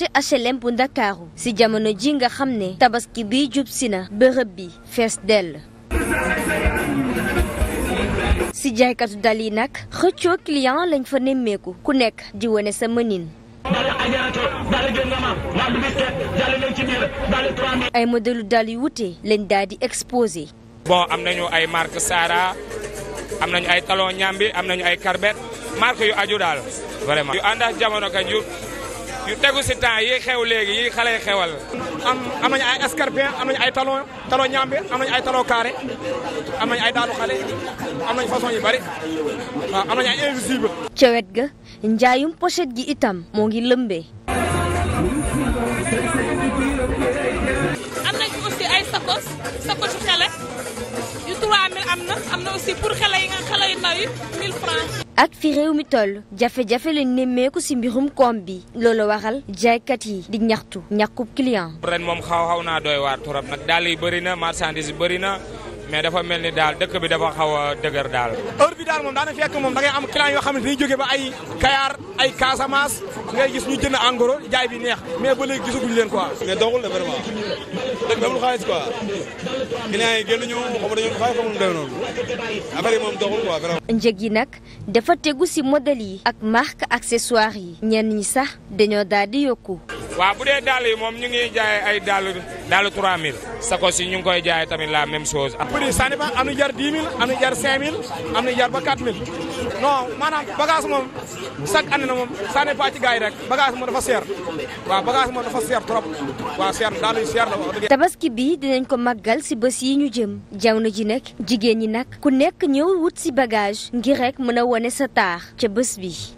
marché HLM bu Ndakaaru ci jamono ji nga xam ne tabaski bi jub si na bërëb bi fees dell ci jaaykatu dal yi nag xëccoo client lañ fa nemmeeku ku nekk di wone sa ay modèlu dal yu wute leen daal di exposé bon am nañu ay marque Sara am nañu ay talon ñambi am nañu ay carbet marque yu aju daal yu ànd ak jamono ka yu tegu si temps yi xew léegi yi xale yi xewal. am am nañu ay escarpin am nañu ay talon talon ñambe am nañu ay talon carré am nañu ay façon yu bari waaw am nañu ay invisible. ca ga njaayum pochette gi itam moo ngi lëmbee. am nañu aussi ay sakos sakos xale yu 3000 am na am na aussi pour xale yi nga xale yu ndaw yi 1000 ak fi réew mi toll jafe-jafe la nemmeeku si mbirum koom bi loolu waxal jaaykat yi di ñaxtu ñàkkub client. ren moom xaw xaw naa doy waar trop nag daal yi bëri na marchandise yi bëri na mais dafa mel ni daal dëkk bi dafa xaw a dëgër daal. daal moom daana fekk moom da ngay am client yoo xam ne dañuy jóge ba ay Kayar ay Casamance ngay gis ñu jënd en jaay bi neex mais ba léegi gisaguñ leen quoi. mais doxul de vraiment dëgg amul xaalis a client yi génn ñu xam dañoo xaalis moom doxul nag dafa tegu si modèle yi. ak marque accessoire yi. ñenn ñi sax dañoo daal di yokku. waaw bu dee dàll yi moom ñu ngi jaay ay dàll dàll sa sacoche si ñu ngi koy jaay tamit la même chose. prix ça dépend am na jar 10 000 am na jar 5 000 am na jar ba 4 000 non maanaam bagage moom chaque année na moom ça dépend ci gars yi rek bagage moom dafa seer waaw bagage moom dafa seer trop waaw seer dàll yi seer la wax tabaski bi dinañ ko maggal si bës yi ñu jëm jamono ji nag jigéen ñi nag ku nekk ñëw wut si bagage ngir rek mën a wone sa taax ca bés bi.